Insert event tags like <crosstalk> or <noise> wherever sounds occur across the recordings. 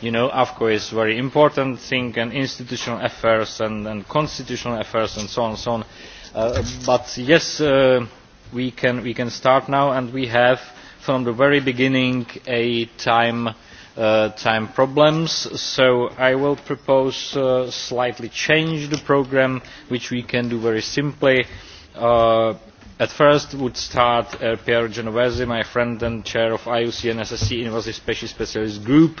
you know afco is a very important thing and institutional affairs and, constitutional affairs and so on and so on uh, but yes uh, we can start now and we have from the very beginning a time uh, problems so i will propose slightly change the program which we can do very simply at first would start Pierre Genovese, my friend and chair of IUCN SSC Invasive Species Specialist Group,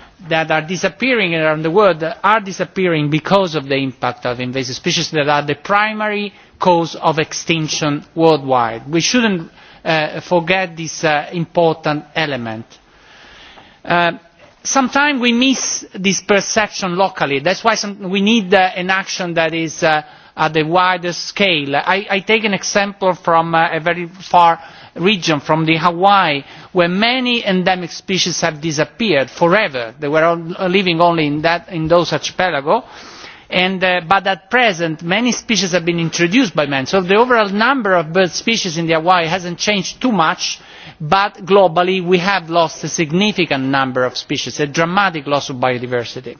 that are disappearing around the world are disappearing because of the impact of invasive species that are the primary cause of extinction worldwide. We should not uh, forget this uh, important element. Uh, sometimes we miss this perception locally. That is why we need an action that is at a wider scale. I, take an example from a very far region from hawaii where many endemic species have disappeared forever they were uh, living only in, that, in those archipelagos uh, but at present many species have been introduced by man so the overall number of bird species in hawaii has not changed too much but globally we have lost a significant number of species a dramatic loss of biodiversity.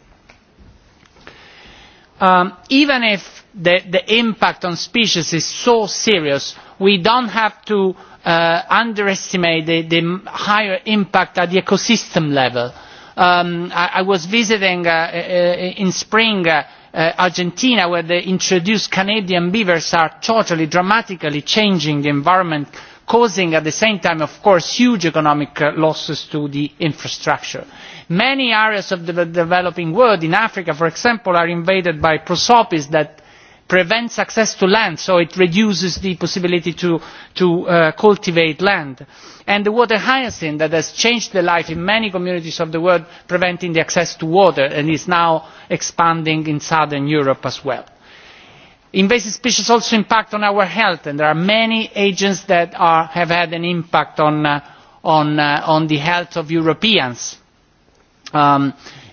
Um, even if the, the impact on species is so serious we do not have to Uh, underestimate the, the higher impact at the ecosystem level. Um, I, I was visiting uh, uh in spring uh, uh, Argentina where the introduced Canadian beavers are totally dramatically changing the environment causing at the same time of course huge economic uh, losses to the infrastructure. Many areas of the developing world in Africa for example are invaded by prosopis that prevents access to land so it reduces the possibility to, uh, cultivate land and the water hyacinth that has changed the life in many communities of the world preventing access to water and is now expanding in southern europe as well. invasive species also impact on our health and there are many agents that have had an impact on, uh, uh, the health of europeans. Um,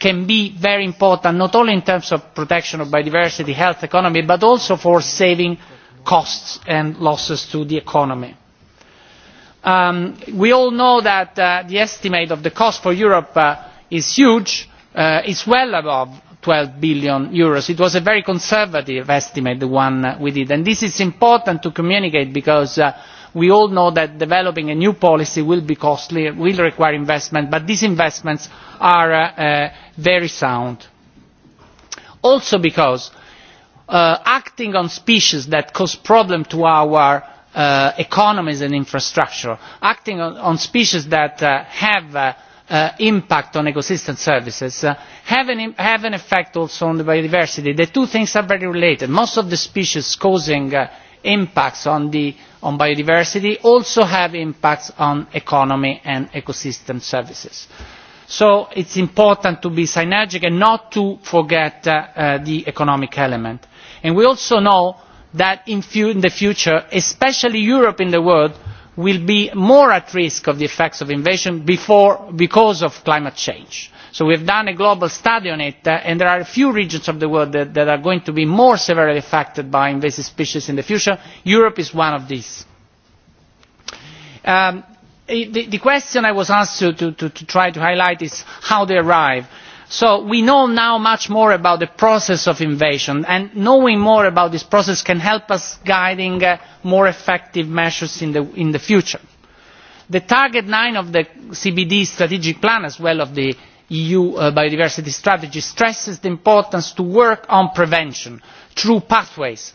can be very important not only in terms of protection of biodiversity health economy but also for saving costs and losses to the economy. Um, we all know that uh, the estimate of the cost for europe uh, is huge uh, it is well above eur twelve billion. it was a very conservative estimate the one we did and this is important to communicate because we all know that developing a new policy will be costly will require investment but these investments are very sound also because uh, acting on species that cause problems to our uh, economies and infrastructure acting on, on species that uh, have uh, uh impact on ecosystem services uh, have, an, have an effect also on the biodiversity. The two things are very related. Most of the species causing uh, impacts on, the, on biodiversity also have impacts on economy and ecosystem services. Uh, so it is important to be synergic and not to forget uh, uh, the economic element. we also know that in, the future especially europe in the world will be more at risk of the effects of invasion because of climate change. so we have done a global study on it uh, and there are a few regions of the world that, are going to be more severely affected by invasive species in the future. europe is one of these. Um, the, question i was asked to, try to highlight is how they arrive. so we know now much more about the process of invasion and knowing more about this process can help us guide uh, more effective measures in the, future. the target nine of the cbd strategic plan as well as the eu uh, biodiversity strategy stresses the importance of working on prevention through pathways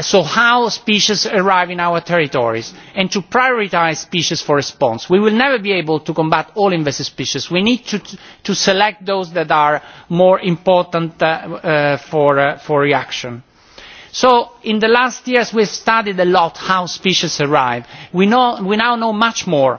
so how species arrive in our territories and to prioritise species for response. we will never be able to combat all invasive species. we need to, select those that are more important uh, uh, uh, for, reaction. so in the last years we have studied a lot how species arrive. we, we now know much more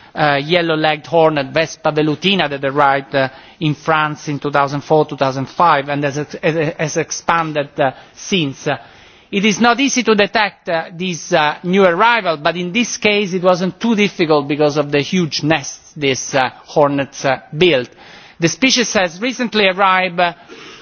Uh, yellow legged hornet vespa velutina that arrived uh, in france in two thousand and four two thousand and five and has, has expanded uh, since. it is not easy to detect this new arrival but in this case it was not too difficult because of the huge nests these hornets built. the species has recently arrived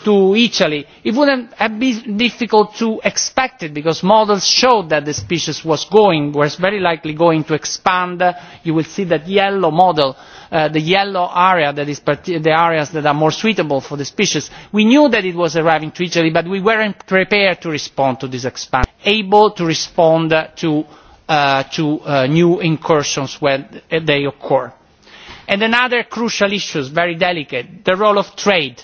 to italy it would not have been difficult to expect it because models showed that the species was going was very likely going to expand. you will see that yellow model uh, the yellow area that is the areas that are more suitable for the species. we knew that it was arriving to italy but we were not prepared to respond to this expansion able to respond to, uh, to uh, new incursions when they occur. And another crucial issue very delicate the role of trade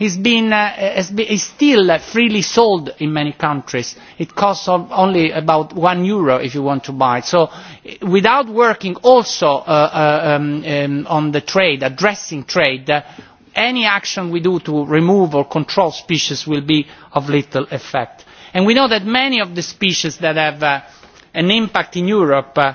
is, been, uh, is still uh, freely sold in many countries. It costs only about one euro if you want to buy it. So eh, without working also uh, uh, um, um, on the trade, addressing trade, uh, any action we do to remove or control species will be of little effect. And we know that many of the species that have uh, an impact in Europe uh,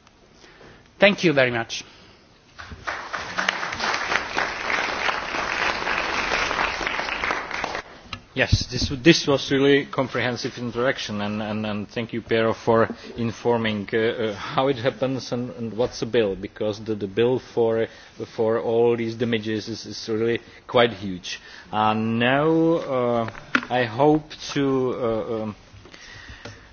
thank you very much. yes this, this was really comprehensive introduction and, and, and thank you Piero for informing uh, uh, how it happens and, and what's the bill because the, the bill for, for all these damages is, is really quite huge. And now uh, i hope to uh, um,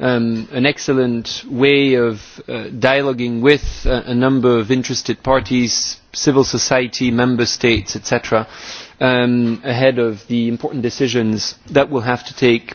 um, an excellent way of uh, dialoguing with a, uh, a number of interested parties, civil society, member states, etc., um, ahead of the important decisions that will have to take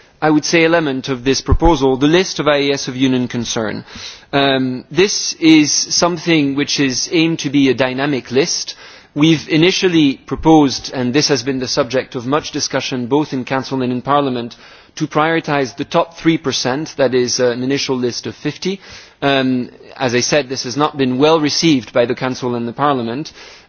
i would say element of this proposal the list of ias of union concern. Um, this is something which is aimed to be a dynamic list. we have initially proposed and this has been the subject of much discussion both in council and in parliament to prioritise the top three that is uh, an initial list of fifty um, as i said this has not been well received by the council and the parliament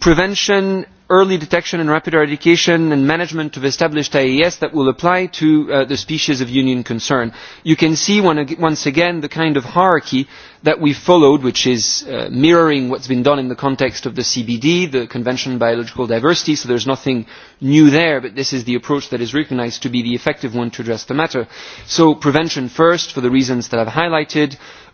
prevention early detection and rapid eradication and management of established ias that will apply to uh, the species of union concern. you can see one, once again the kind of hierarchy that we followed which is uh, mirroring what has been done in the context of the cbd the convention on biological diversity so there is nothing new there but this is the approach that is recognised to be the effective one to address the matter. so prevention first for the reasons that i have highlighted;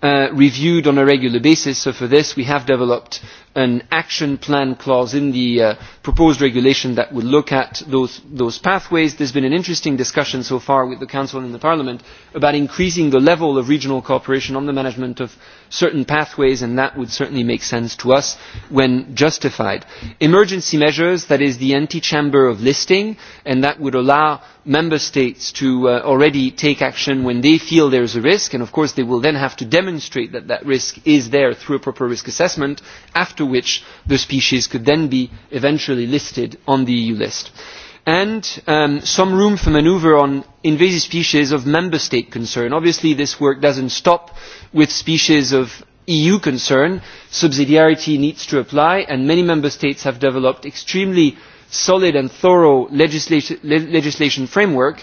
Uh, reviewed on a regular basis. So for this, we have developed an action plan clause in the uh, proposed regulation that would look at those, those pathways. has been an interesting discussion so far with the Council and the Parliament about increasing the level of regional cooperation on the management of certain pathways and that would certainly make sense to us when justified. Emergency measures, that is the antechamber of listing and that would allow member states to uh, already take action when they feel there is a risk and of course they will then have to demonstrate that that risk is there through a proper risk assessment after which the species could then be eventually listed on the EU list and um, some room for manoeuvre on invasive species of member state concern. obviously this work does not stop with species of eu concern. subsidiarity needs to apply and many member states have developed extremely solid and thorough legislation frameworks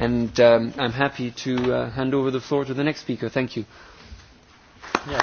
And um, I'm happy to uh, hand over the floor to the next speaker. Thank you. Yeah.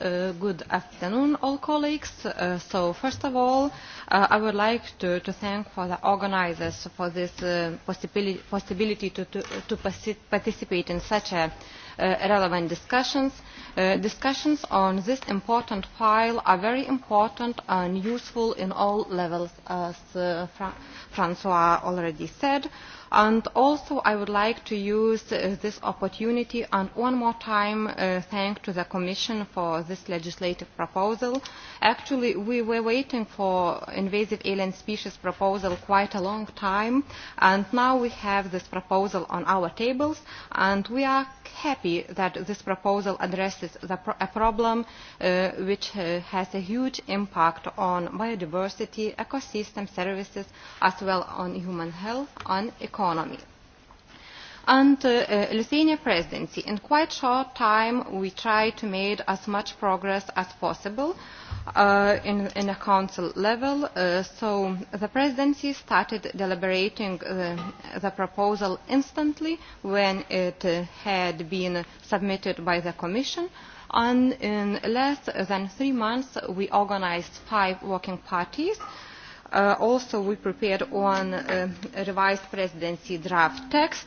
Uh, good afternoon, all colleagues. Uh, so first of all, uh, I would like to, to thank for the organizers for this uh, possibility, possibility to, to, to participate in such a uh, relevant discussions. Uh, discussions on this important file are very important and useful in all levels, as uh, Fra Francois already said. And also I would like to use uh, this opportunity and one more time uh, thank to the Commission for this legislative proposal. Actually, we were waiting for invasive alien species proposal quite a long time, and now we have this proposal on our tables, and we are happy that this proposal addresses the pro a problem uh, which uh, has a huge impact on biodiversity, ecosystem services, as well on human health and economy and uh, the Lithuanian presidency in quite a short time we tried to make as much progress as possible uh, at the council level uh, so the presidency started deliberating the proposal instantly when it had been submitted by the commission and in less than three months we organised five working parties also we prepared one revised presidency draft text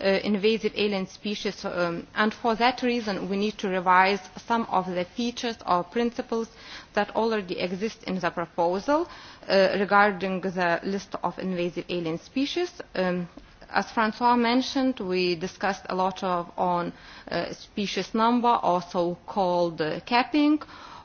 Uh, invasive alien species um, and for that reason we need to revise some of the features or principles that already exist in the proposal uh, regarding the list of invasive alien species. Um, as francois mentioned we discussed a lot of, on uh, species number also called uh, capping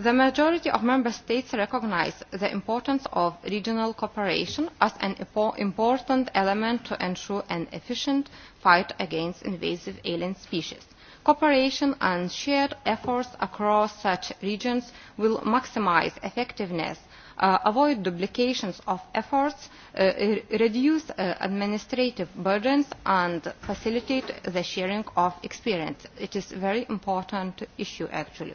the majority of member states recognise the importance of regional cooperation as an important element to ensure an efficient fight against invasive alien species. cooperation and shared efforts across such regions will maximise effectiveness uh, avoid duplications of efforts uh, reduce uh, administrative burdens and facilitate the sharing of experience. it is a very important issue actually.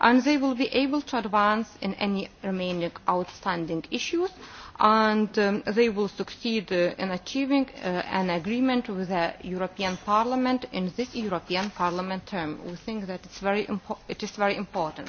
and they will be able to advance in any remaining outstanding issues and um, they will succeed uh, in achieving uh, an agreement with the European Parliament in this European Parliament term. We think that it's very it is very important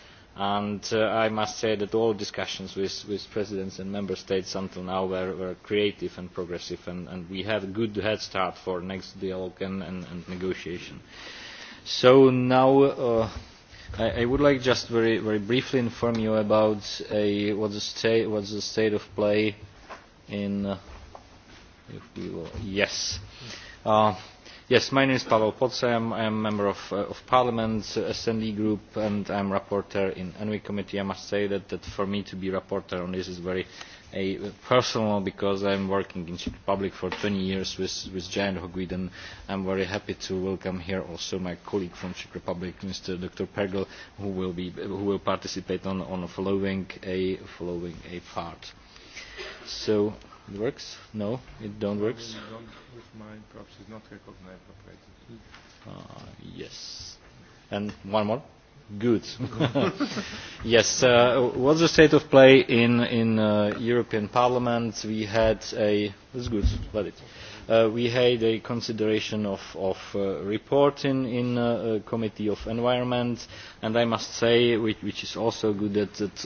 and uh, i must say that all discussions with, with presidents and member states until now were, were creative and progressive and, and we have a good head start for next dialogue and, and, and negotiation. so now uh, I, I would like just very, very briefly inform you about what the state, what's the state of play in uh, yes. Uh, Yes, my name is Pavel Potce. I am a member of, uh, of Parliament, uh, Group, and I am rapporteur in ENVI Committee. I must say that, for me to be rapporteur on this is very personal because I am working in Czech Republic for twenty years with, with Giant Hogweed and am very happy to welcome here also my colleague from Czech Republic, Mr. Dr. Pergel, who will, be, who will participate on, on following, a, part. It works? No, it don't works. Don't, with mine, perhaps it's not recognized uh, yes. And one more. Good. <laughs> yes. Uh, what's the state of play in in uh, European Parliament? We had a. That's good. Let it. Uh, we had a consideration of of uh, report in in uh, committee of environment, and I must say, which, which is also good that that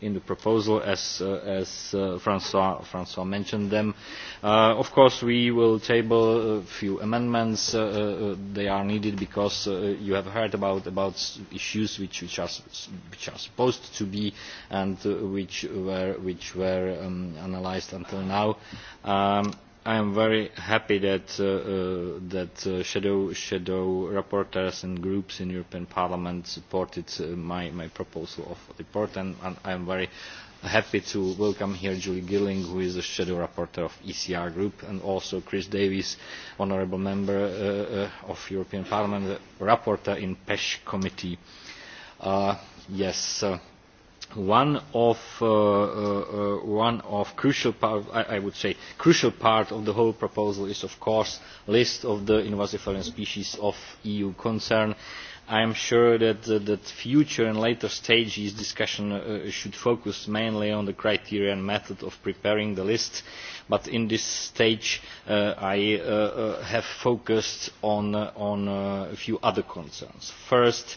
in the proposal as, uh, as uh, Francois, Francois mentioned them. Uh, of course, we will table a few amendments. Uh, uh, uh, they are needed because uh, you have heard about, about issues which, which, are, which are supposed to be and uh, which were, which were um, analyzed until now. Um, i am very happy that, uh, uh, that uh, shadow, shadow rapporteurs and groups in European Parliament supported uh, my, my proposal of report, and, and I am very happy to welcome here Julie Gilling, who is a shadow rapporteur of ECR Group, and also Chris Davies, honourable member uh, uh, of European Parliament, rapporteur in PESH committee. Uh, yes. Uh, one of the uh, uh, uh, crucial parts I, would say crucial part of the whole proposal is of course the list of the invasive species of EU concern. I am sure that uh, future and later stages discussion should focus mainly on the criteria and method of preparing the list, but in this stage I have focused on a few other concerns. First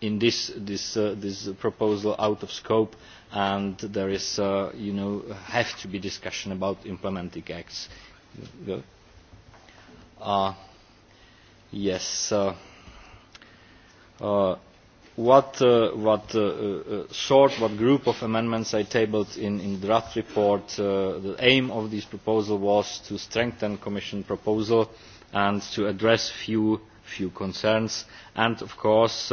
in this, this, uh, this proposal out of scope and there is, uh, you know, have to be discussion about implementing acts. Uh, yes. Uh, what, sort, what group of amendments I tabled in, the draft report, the aim of this proposal was to strengthen the Commission proposal and to address a few concerns. And of course,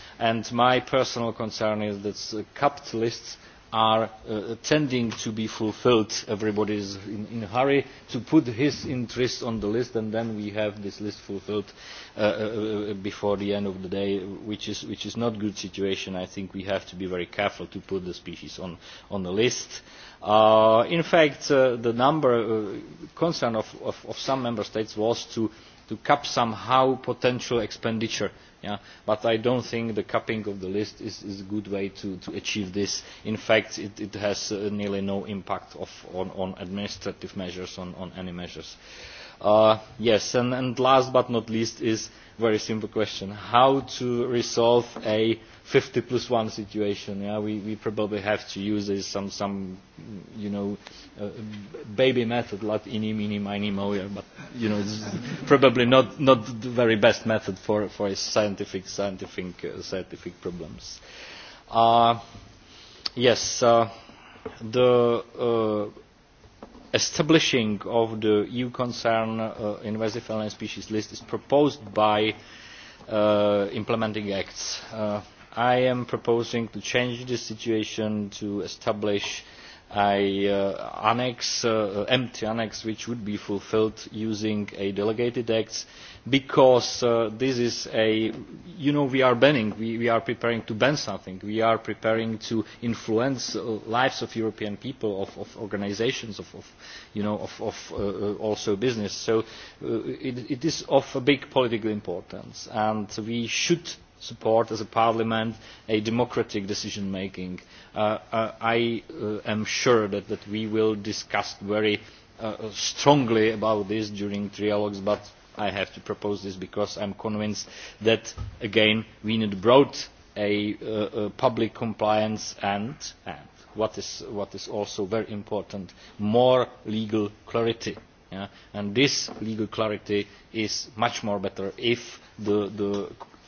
and my personal concern is that uh, lists are uh, tending to be fulfilled. Everybody is in, a hurry to put his interests on the list, and then we have this list fulfilled uh, before the end of the day, which is, which is not a good situation. I think we have to be very careful to put the species on, on the list. in fact, the number uh, concern of, of, of some member states was to to cap somehow potential expenditure yeah? but i don't think the capping of the list is, is a good way to, to achieve this. in fact it, it has uh, nearly no impact of, on, on administrative measures on, on any measures. Uh, yes and, and last but not least is a very simple question how to resolve a fifty plus one situation. Yeah? We, we probably have to use this some, some you know, uh, baby method, like ini, mini, mini, moya, but you know, it's probably not, not the very best method for, for a scientific, scientific, uh, scientific problems. Uh, yes, uh, the uh, establishing of the EU concern uh, invasive alien species list is proposed by uh, implementing acts. Uh, i am proposing to change the situation to establish an uh, annex, uh, empty annex which would be fulfilled using a delegated act because uh, this is a you know we are banning we, we are preparing to ban something we are preparing to influence the lives of european people of, of organisations of, of you know of, of uh, also business so it, it is of a big political importance and we should support as a parliament a democratic decision making. Uh, uh, I uh, am sure that, we will discuss very strongly about this during trialogues, but I have to propose this because I am convinced that, again, we need broad public compliance and, what, is, also very important, more legal clarity. And this legal clarity is much better if the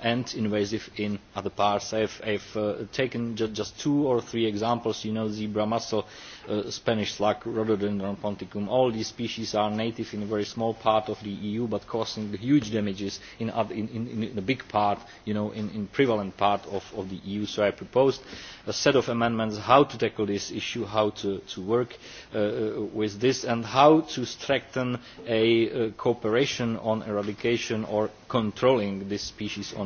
and invasive in other parts. I have, uh, taken just two or three examples, you know, zebra mussel, uh, Spanish slug, rhododendron ponticum. All these species are native in a very small part of the EU, but causing huge damages in, other, in, in, in a big part, you know, in, in prevalent part of, of the EU. So I proposed a set of amendments how to tackle this issue, how to, to work uh, uh with this, and how to strengthen a uh, cooperation on eradication or controlling this species on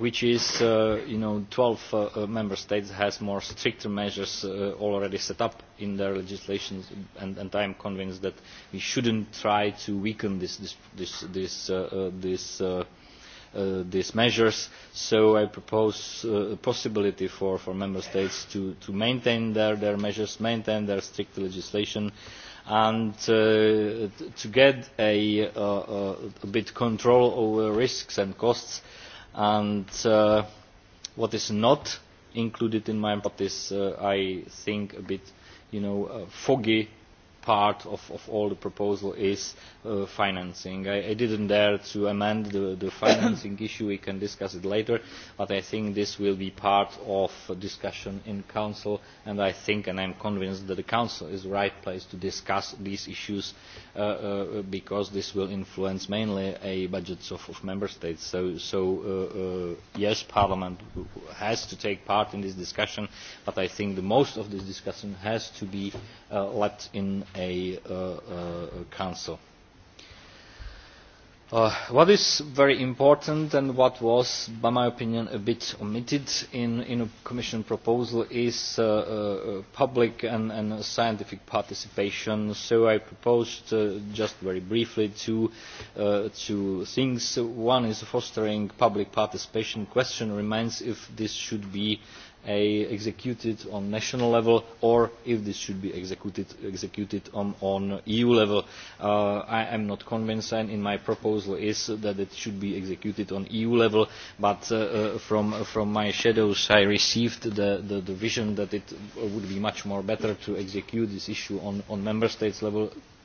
which is uh, you know twelve uh, uh member states have more stricter measures uh, already set up in their legislation and, and i am convinced that we should not try to weaken this, this, this, this, uh, uh this uh, these measures, so I propose uh, a possibility for, for member states to, to maintain their, their measures, maintain their strict legislation, and to get a, uh, a bit control over risks and costs and uh, what is not included in my report is, uh, I think, a bit, you know, uh, foggy part of, of all the proposal is uh, financing. I, I didn't dare to amend the, the <coughs> financing issue. We can discuss it later. But I think this will be part of a discussion in Council. And I think and I am convinced that the Council is the right place to discuss these issues uh, uh, because this will influence mainly the budgets of, Member States. So, so yes, Parliament has to take part in this discussion. But I think the most of this discussion has to be left led in a uh, uh, council. Uh, what is very important and what was, by my opinion, a bit omitted in, in a Commission proposal is uh, uh, public and, and scientific participation. So I proposed, uh, just very briefly, two, uh, two things. One is fostering public participation. The question remains if this should be executed at national level or if this should be executed, executed at eu level. Uh, i am not convinced and in my proposal is that it should be executed at eu level but uh, uh, from, from my shadows i received the, the, the vision that it would be much more better to execute this issue at member states level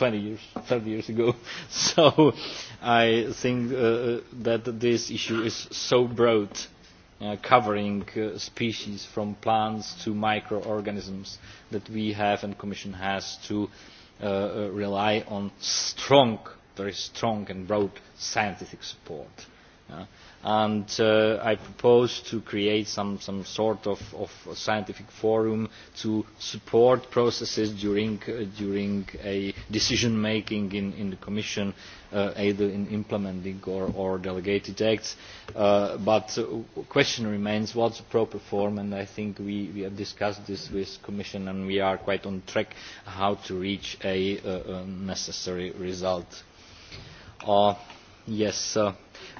twenty years, thirty years ago. <laughs> So I think uh, uh, that this issue is so broad, uh, covering uh, species from plants to microorganisms, that we have and Commission has to uh, uh rely on strong, very strong and broad scientific support. Uh, and uh, I propose to create some, some sort of, scientific forum to support processes during, uh, a decision making in, the Commission, uh, either in implementing or, delegated acts. but the question remains what is the proper form, and I think we, we have discussed this with the Commission and we are quite on track on how to reach a, necessary result. yes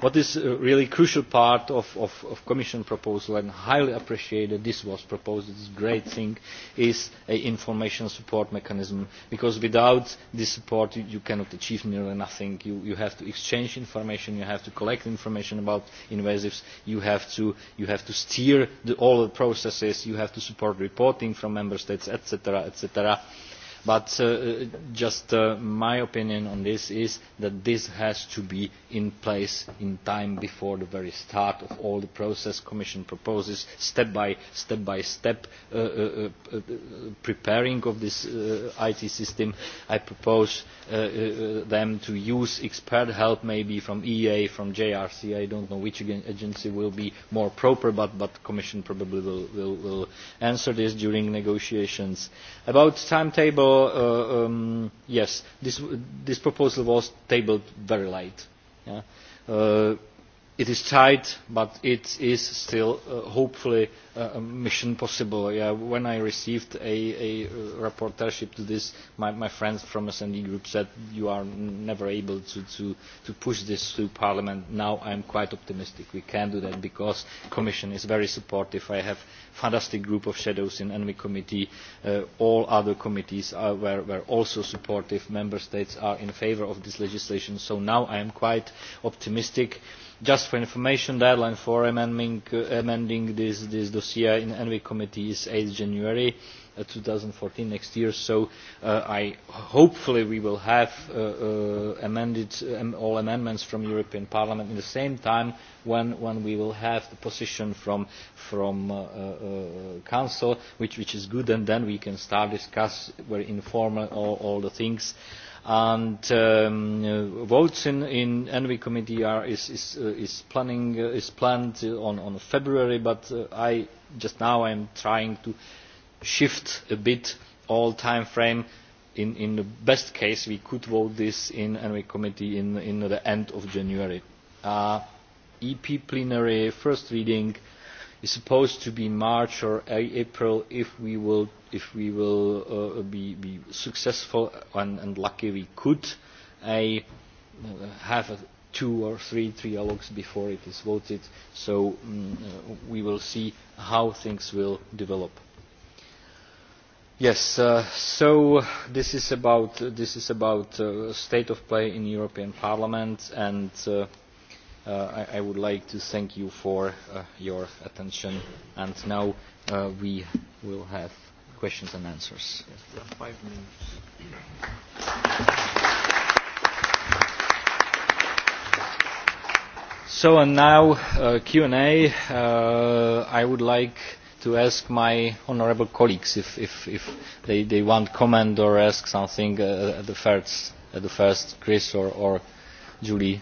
what is a uh, really crucial part of the commission proposal and highly appreciated this was proposed this is a great thing is an information support mechanism because without this support you, cannot achieve nearly nothing you, have to exchange information you have to collect information about invasives you have to, you have to steer all the processes you have to support reporting from member states etc but uh, uh, just uh, my opinion on this is that this has to be in place in time before the very start of all the process the commission proposes step by step by step preparing of this IT system I propose them to use expert help maybe from EA from JRC I don't know which agency will be more proper but the commission probably will, will answer this during negotiations about timetable so uh, um, yes this, this proposal was tabled very late. Yeah? Uh, it is tight but it is still uh, hopefully Uh, mission possible. Yeah, when I received a, a rapporteurship to this, my, my friends from SND group said you are never able to, to, to push this through Parliament. Now I'm quite optimistic. We can do that because the Commission is very supportive. I have a fantastic group of shadows in ENVI committee. Uh, all other committees are, were, were also supportive. Member States are in favour of this legislation. So now I am quite optimistic. Just for information, the deadline for amending, uh, amending this, this dossier in the envi committee is 8 january uh, fourteen next year so uh, I hopefully we will have uh, uh, amended um, all amendments from the European Parliament at the same time when, when we will have the position from, from uh, uh, Council, which, which is good, and then we can start discuss very informal all, all the things. Uh, and um, votes in in envi committee are is is uh, is planning uh, is planned on on february but uh, i just now am trying to shift a bit all time frame in in the best case we could vote this in envi committee in in the end of january uh, ep plenary first reading is supposed to be March or April if we will, if we will uh, be, be successful and, and lucky we could uh, have a two or three trialogues before it is voted, so um, uh, we will see how things will develop. Yes, uh, so this is about, this is about uh, state of play in European Parliament and uh, uh, I, I would like to thank you for uh, your attention. And now uh, we will have questions and answers. Yes, we have five minutes. So and now uh, Q&A. Uh, I would like to ask my honourable colleagues if, if, if they, they want to comment or ask something uh, at, the first, at the first, Chris or, or Julie.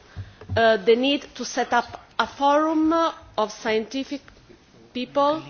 Uh, the need to set up a forum of scientific people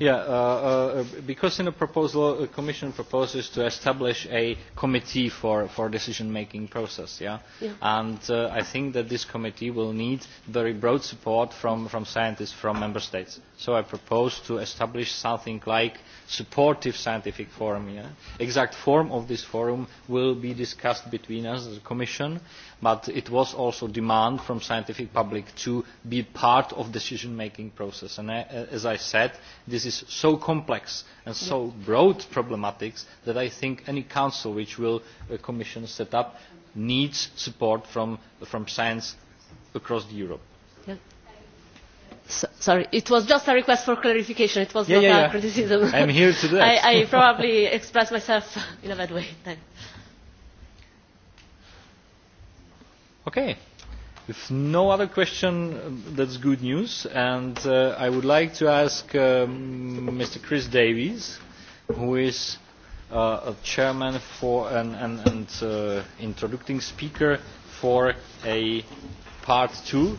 Yeah, uh, uh, because in the proposal, the Commission proposes to establish a committee for for decision-making process. Yeah, yeah. and uh, I think that this committee will need very broad support from from scientists from member states. So I propose to establish something like supportive scientific forum. Yeah, exact form of this forum will be discussed between us, the Commission, but it was also a demand from the scientific public to be part of the decision making process. And I, uh, uh, as I said, this is so complex and so broad problematic that I think any council which will the uh, Commission set up needs support from, from science across Europe. So, sorry it was just a request for clarification it was yeah, not yeah, a yeah. criticism. i am here today. <laughs> I, i probably <laughs> expressed myself in a bad way. Thanks. Okay. If no other question, that's good news. And uh, I would like to ask um, Mr. Chris Davies, who is uh, a chairman for an, an, and uh, introducing speaker for a part two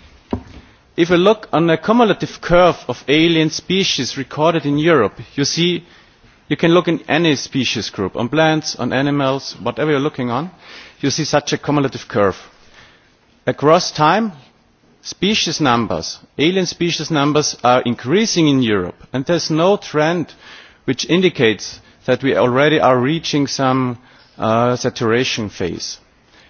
if you look on the cumulative curve of alien species recorded in europe you see you can look in any species group on plants on animals whatever you are looking on you see such a cumulative curve. across time species numbers alien species numbers are increasing in europe and there is no trend which indicates that we already are reaching some uh, saturation phase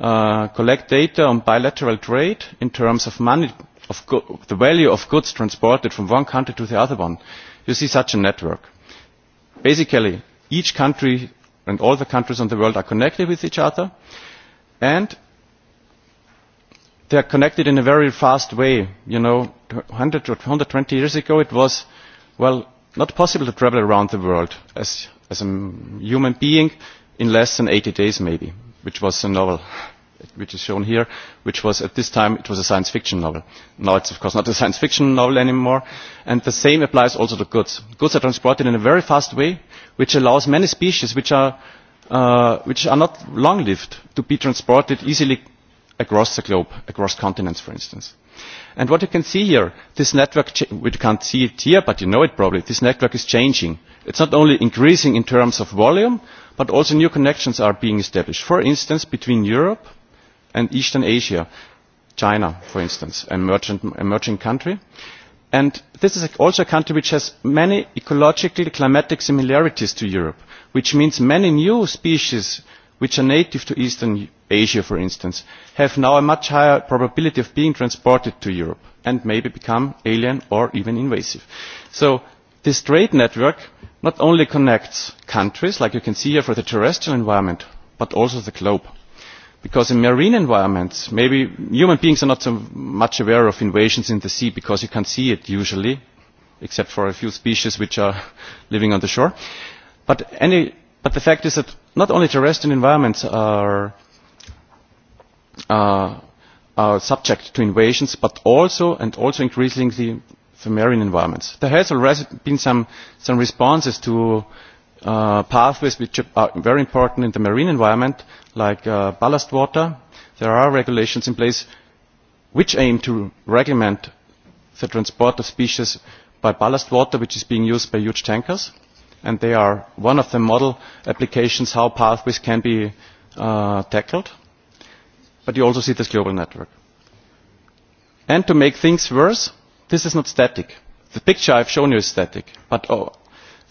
uh, collect data on bilateral trade in terms of money, of the value of goods transported from one country to the other one. You see such a network. Basically, each country and all the countries in the world are connected with each other, and they are connected in a very fast way. You know, 100 or 120 years ago, it was, well, not possible to travel around the world as, as a human being in less than 80 days, maybe which was a novel which is shown here, which was at this time it was a science fiction novel. Now it's of course not a <laughs> science fiction novel anymore. And the same applies also to goods. Goods are transported in a very fast way, which allows many species which are uh, which are not long-lived to be transported easily across the globe, across continents, for instance. And what you can see here, this network, we can't see it here, but you know it probably, this network is changing. It's not only increasing in terms of volume, but also new connections are being established for instance between europe and eastern asia china for instance an emerging country and this is also a country which has many ecological climatic similarities to europe which means many new species which are native to eastern asia for instance have now a much higher probability of being transported to europe and maybe become alien or even invasive. so this trade network not only connects countries, like you can see here for the terrestrial environment, but also the globe. Because in marine environments, maybe human beings are not so much aware of invasions in the sea because you can't see it usually, except for a few species which are <laughs> living on the shore. But, any, but the fact is that not only terrestrial environments are, uh, are subject to invasions, but also and also increasingly for marine environments. There has already been some, some responses to uh, pathways which are very important in the marine environment, like uh, ballast water. There are regulations in place which aim to regulate the transport of species by ballast water, which is being used by huge tankers. And they are one of the model applications how pathways can be uh, tackled. But you also see this global network. And to make things worse, this is not static. the picture i have shown you is static but oh,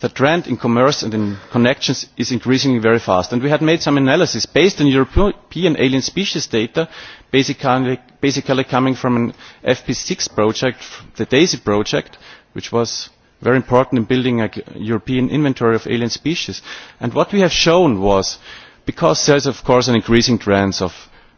the trend in commerce and in connections is increasing very fast and we had made some analysis based on european alien species data basically, basically coming from an fp six project the daisy project which was very important in building a european inventory of alien species and what we have shown was because there is of course an increasing trend of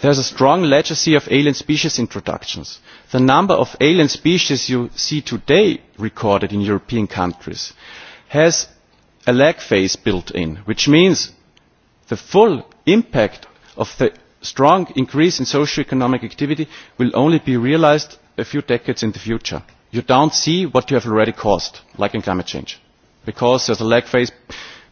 There is a strong legacy of alien species introductions. The number of alien species you see today recorded in European countries has a lag phase built in, which means the full impact of the strong increase in socio-economic activity will only be realised a few decades in the future. You don't see what you have already caused, like in climate change, because there's a lag phase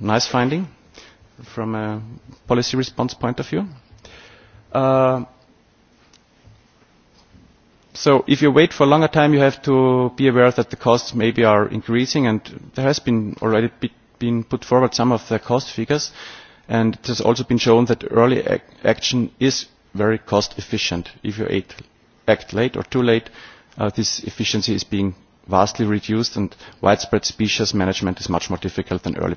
nice finding from a policy response point of view. Uh, so if you wait for a longer time, you have to be aware that the costs maybe are increasing, and there has been already be, been put forward some of the cost figures, and it has also been shown that early ac action is very cost efficient. If you act, act late or too late, uh, this efficiency is being vastly reduced, and widespread species management is much more difficult than early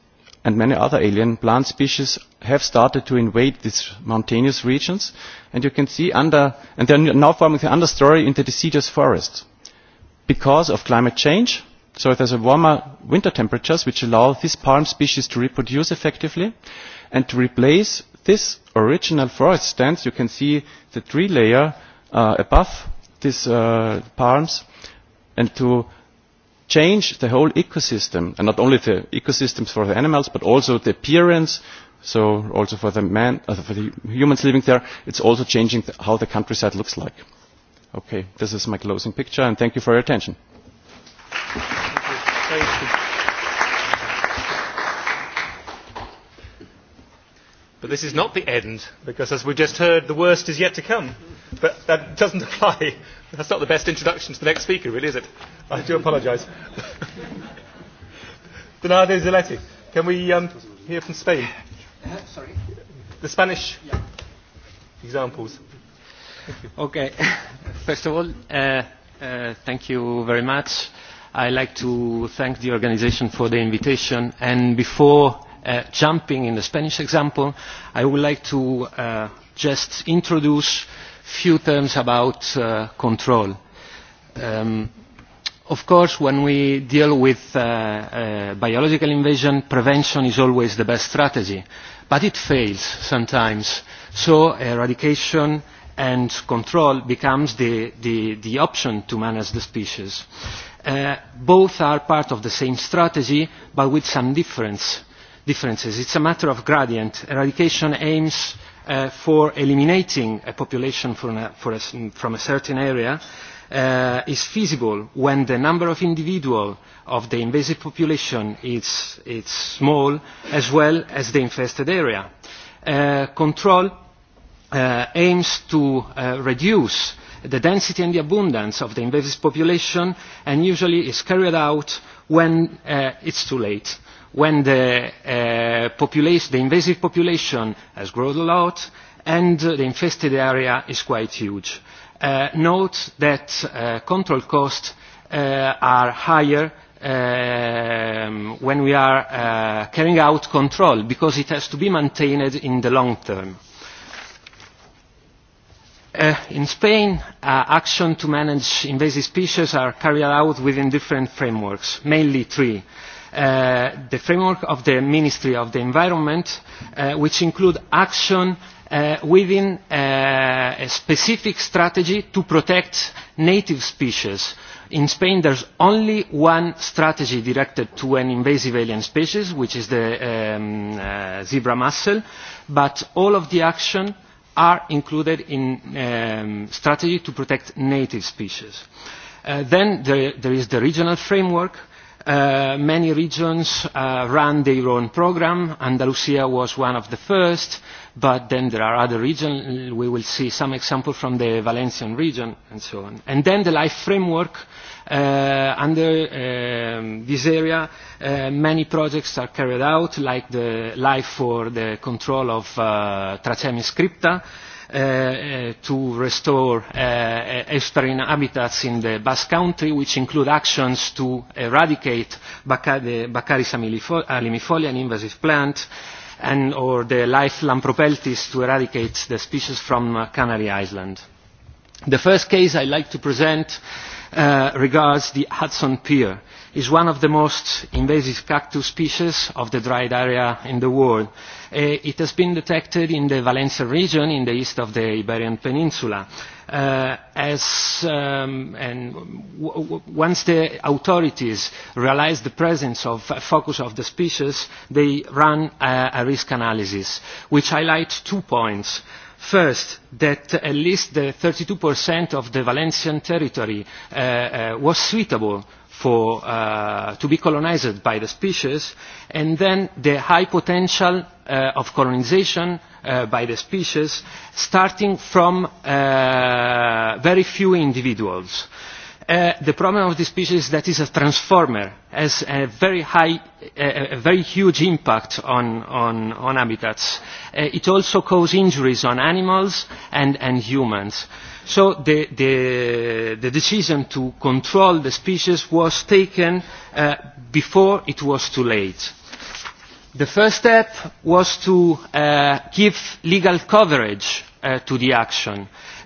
and many other alien plant species have started to invade these mountainous regions and you can see under and they are now forming the understory in the deciduous forest because of climate change so there's a warmer winter temperatures which allow this palm species to reproduce effectively and to replace this original forest stands you can see the tree layer uh, above these uh, palms and to change the whole ecosystem and not only the ecosystems for the animals but also the appearance so also for the man uh, for the humans living there it's also changing the, how the countryside looks like okay this is my closing picture and thank you for your attention thank you. Thank you. But this is not the end, because as we just heard, the worst is yet to come. But that doesn't <laughs> apply That's not the best introduction to the next speaker, really, is it? I do apologise. Bernardo Zaletti, can we um, hear from Spain? Uh, sorry? The Spanish yeah. examples. Okay. <laughs> First of all, uh, uh, thank you very much. I'd like to thank the organisation for the invitation. And before uh, jumping in the Spanish example, I would like to uh, just introduce few terms about uh, control. Um, of course, when we deal with uh, uh, biological invasion, prevention is always the best strategy, but it fails sometimes. So eradication and control becomes the, the, the option to manage the species. Uh, both are part of the same strategy, but with some difference, differences. It's a matter of gradient. Eradication aims Uh, for eliminating a population from a, for a, mm, from a certain area uh, is feasible when the number of individuals of the invasive population is, is small as well as the infested area. Uh, control uh, aims to uh, reduce the density and the abundance of the invasive population and usually is carried out when uh, it's too late when the uh, the invasive population has grown a lot and the infested area is quite huge. Uh, note that uh, control costs uh, are higher um, when we are uh, carrying out control because it has to be maintained in the long term. Uh, in Spain, uh, action to manage invasive species are carried out within different frameworks, mainly three. Uh, the framework of the Ministry of the Environment, uh, which include action uh, within uh, a specific strategy to protect native species. In Spain, there's only one strategy directed to an invasive alien species, which is the um, uh, zebra mussel, but all of the action are included in um, strategy to protect native species. Uh, then there, there is the regional framework, uh, Uh, many regions uh, their own programme. Andalusia was one of the first, but then there are other regions. We will see some examples from the Valencian region and so on. And then the life framework uh, under um, this area, uh, many projects are carried out, like the Life for the Control of uh, Tracemia scripta, uh, to restore uh, estuarine habitats in the Basque Country, which include actions to eradicate Baca the Baccharis alimifolia, an invasive plant, and or the life Lampropeltis to eradicate the species from uh, Canary Island. The first case I'd like to present uh, regards the Hudson Pier is one of the most invasive cactus species of the dried area in the world. Uh, it has been detected in the Valencia region in the east of the Iberian Peninsula. Uh, as, um, and w w once the authorities realized the presence of a uh, focus of the species, they ran a, a risk analysis, which highlights two points. First, that at least the 32% of the Valencian territory uh, uh, was suitable for, uh, to be colonized by the species, and then the high potential uh, of colonization uh, by the species, starting from uh, very few individuals. Uh, the problem of this species is that it's a transformer, has a very high, uh, a very huge impact on, on, on habitats. Uh, it also causes injuries on animals and, and humans. Uh, so the, the, the decision to control the species was taken uh, before it was too late. The first step was to uh, give legal coverage uh, to the action. Uh,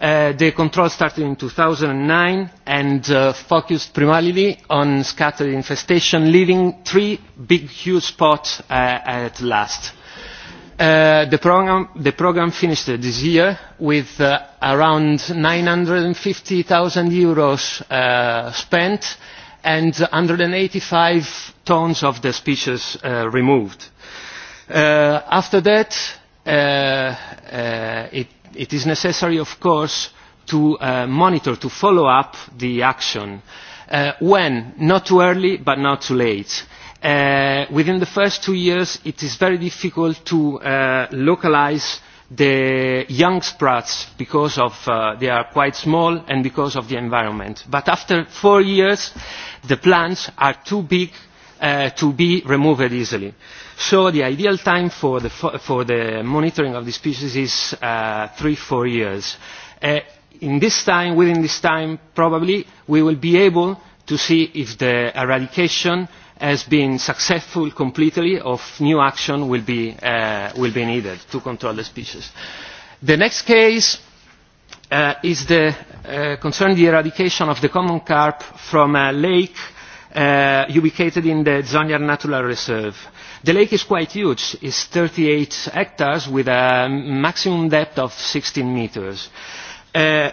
Uh, the control started in two thousand and nine and uh, focused primarily on scattered infestation leaving three big huge spots uh, at last. the programme finished this year with around EUR nine hundred and fifty zero euros spent and one hundred and eighty five tonnes of the species removed. after that it it is necessary of course to uh, monitor to follow up the action uh, when not too early but not too late uh, within the first two years it is very difficult to uh, localize the young sprats because of uh, they are quite small and because of the environment but after four years the plants are too big uh, to be removed easily. Uh, so the ideal time for the, for the monitoring of the species is uh, three, four years. Uh, in this time, within this time, probably, we will be able to see if the eradication has been successful completely or new action will be, uh, will be needed to control the species. The next case uh, is the, uh, concerning the eradication of the common carp from a lake uh, ubicated in the Zonyar Natural Reserve. Uh, The lake is quite huge. It's 38 hectares with a maximum depth of 16 meters. Uh,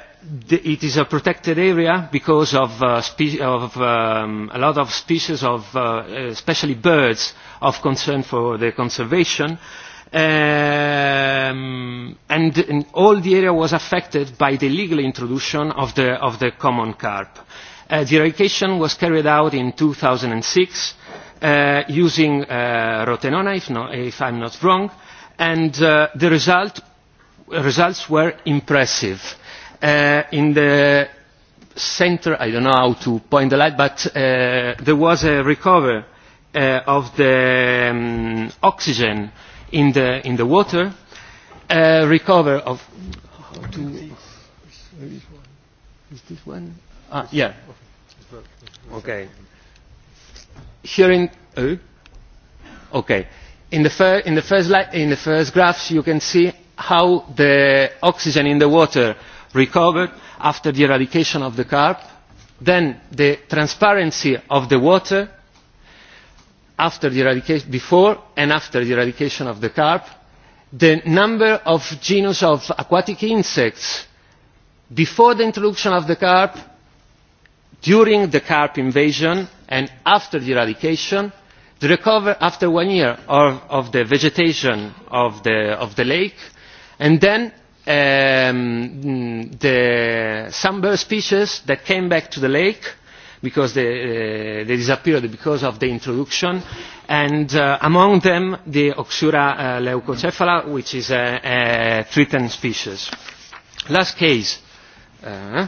the, it is a protected area because of, uh, spe of um, a lot of species of, uh, especially birds, of concern for the conservation. Um, and, and all the area was affected by the legal introduction of the, of the common carp. Uh, the eradication was carried out in 2006 uh, using uh, rotenona, if, no, if I'm not wrong, and uh, the result, results were impressive. Uh, in the center, I don't know how to point the light, but uh, there was a recovery uh, of the um, oxygen in the, in the water, uh, recover of... How to, is this one? Uh, okay here in, okay. in, the, in, the first in the first graphs you can see how the oxygen in the water recovered after the eradication of the carp, then the transparency of the water after the eradication, before and after the eradication of the carp, the number of genus of aquatic insects before the introduction of the carp during the carp invasion and after the eradication the recovery after one year of, of the vegetation of the, of the lake and then um, the, some bird species that came back to the lake because they, uh, they disappeared because of the introduction and uh, among them the Oxura uh, leucocephala which is a, a threatened species. Last case. Uh,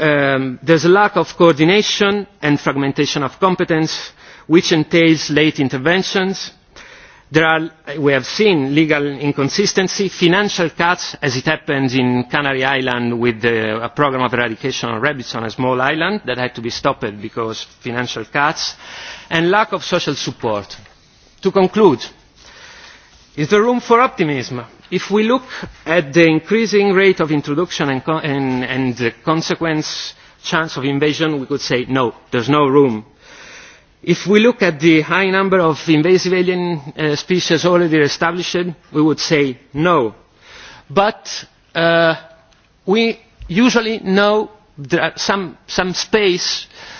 um, there is a lack of coordination and fragmentation of competence which entails late interventions. there are we have seen legal inconsistency financial cuts as it happened in canary island with the, a programme of eradication of rabies on a small island that had to be stopped because of financial cuts and lack of social support. to conclude is there room for optimism? if we look at the increasing rate of introduction and, co and, and the consequent chance of invasion we could say no there is no room. if we look at the high number of invasive alien uh, species already established we would say no but uh, we usually know there are some, some space uh,